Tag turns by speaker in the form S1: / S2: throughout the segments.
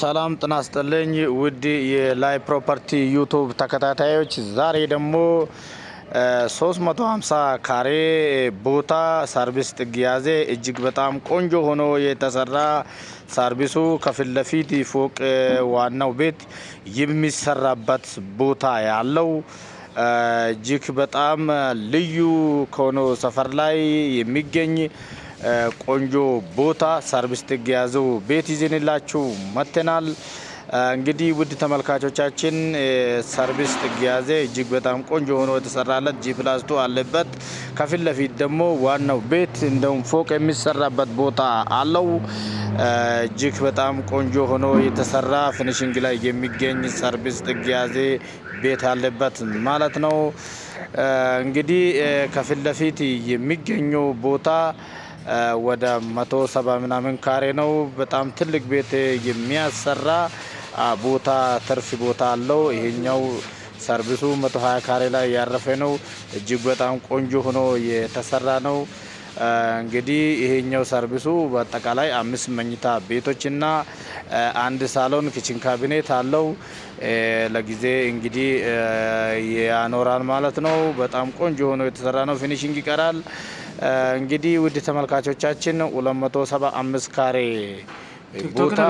S1: ሰላም ጥና ይስጥልኝ ውድ የላይ ፕሮፐርቲ ዩቱብ ተከታታዮች፣ ዛሬ ደግሞ 350 ካሬ ቦታ ሰርቪስ ጥግ ያዜ እጅግ በጣም ቆንጆ ሆኖ የተሰራ ሰርቪሱ ከፊት ለፊት ፎቅ ዋናው ቤት የሚሰራበት ቦታ ያለው እጅግ በጣም ልዩ ከሆነ ሰፈር ላይ የሚገኝ ቆንጆ ቦታ ሰርቪስ ብስጥግ የያዘው ቤት ይዘንላችሁ መጥተናል። እንግዲህ ውድ ተመልካቾቻችን ሰርቪስ ጥግ እጅግ በጣም ቆንጆ ሆኖ የተሰራለት ጂ ፕላስቱ አለበት። ከፊት ለፊት ደግሞ ዋናው ቤት እንደውም ፎቅ የሚሰራበት ቦታ አለው። እጅግ በጣም ቆንጆ ሆኖ የተሰራ ፊኒሽንግ ላይ የሚገኝ ሰርቪስ ጥግ ቤት አለበት ማለት ነው። እንግዲህ ከፊት ለፊት የሚገኘው ቦታ ወደ መቶ ሰባ ምናምን ካሬ ነው። በጣም ትልቅ ቤት የሚያሰራ ቦታ ትርፍ ቦታ አለው። ይሄኛው ሰርቪሱ መቶ ሀያ ካሬ ላይ ያረፈ ነው። እጅግ በጣም ቆንጆ ሆኖ የተሰራ ነው። እንግዲህ ይሄኛው ሰርቪሱ በአጠቃላይ አምስት መኝታ ቤቶችና አንድ ሳሎን ኪችን ካቢኔት አለው። ለጊዜ እንግዲህ ያኖራል ማለት ነው። በጣም ቆንጆ ሆኖ የተሰራ ነው። ፊኒሽንግ ይቀራል። እንግዲህ ውድ ተመልካቾቻችን 275 ካሬ ቦታ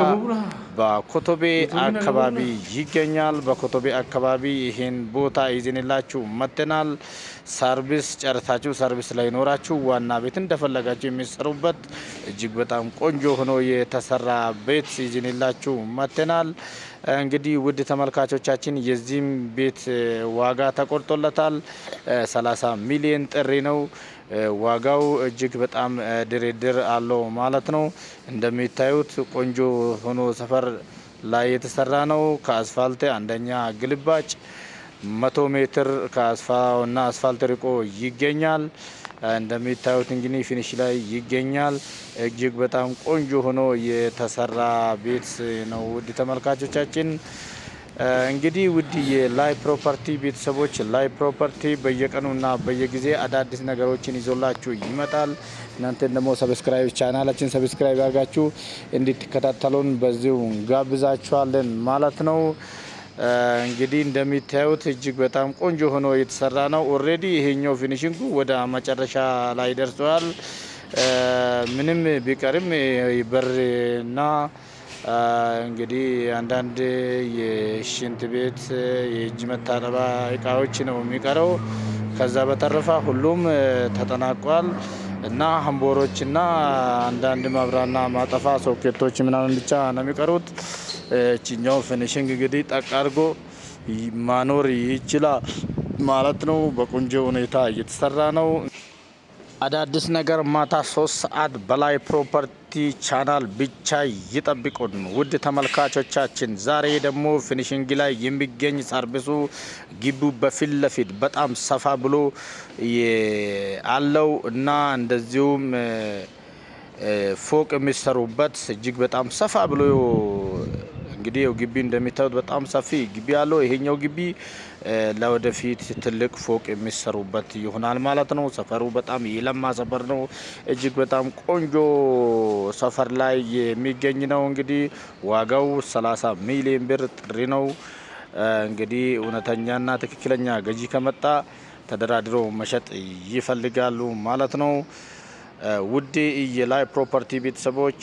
S1: በኮቶቤ አካባቢ ይገኛል። በኮቶቤ አካባቢ ይህን ቦታ ይዘንላችሁ መጥተናል። ሰርቪስ ጨርሳችሁ ሰርቪስ ላይ ኖራችሁ ዋና ቤት እንደፈለጋችሁ የሚሰሩበት እጅግ በጣም ቆንጆ ሆኖ የተሰራ ቤት ይዘንላችሁ መጥተናል። እንግዲህ ውድ ተመልካቾቻችን የዚህም ቤት ዋጋ ተቆርጦለታል። 30 ሚሊዮን ጥሪ ነው። ዋጋው እጅግ በጣም ድርድር አለው ማለት ነው እንደሚታዩት ቆንጆ ሆኖ ሰፈር ላይ የተሰራ ነው። ከአስፋልት አንደኛ ግልባጭ መቶ ሜትር ከአስፋና አስፋልት ርቆ ይገኛል። እንደሚታዩት እንግዲህ ፊኒሽ ላይ ይገኛል። እጅግ በጣም ቆንጆ ሆኖ የተሰራ ቤት ነው። ውድ ተመልካቾቻችን እንግዲህ ውድ የላይ ፕሮፐርቲ ቤተሰቦች ላይ ፕሮፐርቲ በየቀኑና በየጊዜ አዳዲስ ነገሮችን ይዞላችሁ ይመጣል። እናንተን ደግሞ ሰብስክራይብ ቻናላችን ሰብስክራይብ ያርጋችሁ እንድትከታተሉን በዚሁ ጋብዛችኋለን ማለት ነው። እንግዲህ እንደሚታዩት እጅግ በጣም ቆንጆ ሆኖ የተሰራ ነው። ኦሬዲ ይሄኛው ፊኒሽንጉ ወደ መጨረሻ ላይ ደርሷል። ምንም ቢቀርም በርና እንግዲህ አንዳንድ የሽንት ቤት የእጅ መታጠቢያ እቃዎች ነው የሚቀረው። ከዛ በተረፈ ሁሉም ተጠናቋል እና ሀምቦሮች እና አንዳንድ መብራና ማጠፋ ሶኬቶች ምናምን ብቻ ነው የሚቀሩት። እችኛው ፊኒሽንግ እንግዲህ ጠቅ አድርጎ ማኖር ይችላል ማለት ነው። በቆንጆ ሁኔታ እየተሰራ ነው። አዳዲስ ነገር ማታ ሶስት ሰዓት በላይ ፕሮፐርቲ ቻናል ብቻ ይጠብቁን። ውድ ተመልካቾቻችን ዛሬ ደግሞ ፊኒሽንግ ላይ የሚገኝ ሰርቪሱ ግቢ በፊት ለፊት በጣም ሰፋ ብሎ አለው እና እንደዚሁም ፎቅ የሚሰሩበት እጅግ በጣም ሰፋ ብሎ እንግዲህ ው ግቢ እንደሚታዩት በጣም ሰፊ ግቢ አለው ይሄኛው ግቢ ለወደፊት ትልቅ ፎቅ የሚሰሩበት ይሆናል ማለት ነው። ሰፈሩ በጣም የለማ ሰፈር ነው። እጅግ በጣም ቆንጆ ሰፈር ላይ የሚገኝ ነው። እንግዲህ ዋጋው 30 ሚሊዮን ብር ጥሪ ነው። እንግዲህ እውነተኛና ትክክለኛ ገዢ ከመጣ ተደራድሮ መሸጥ ይፈልጋሉ ማለት ነው። ውዴ እየላይ ፕሮፐርቲ ቤተሰቦች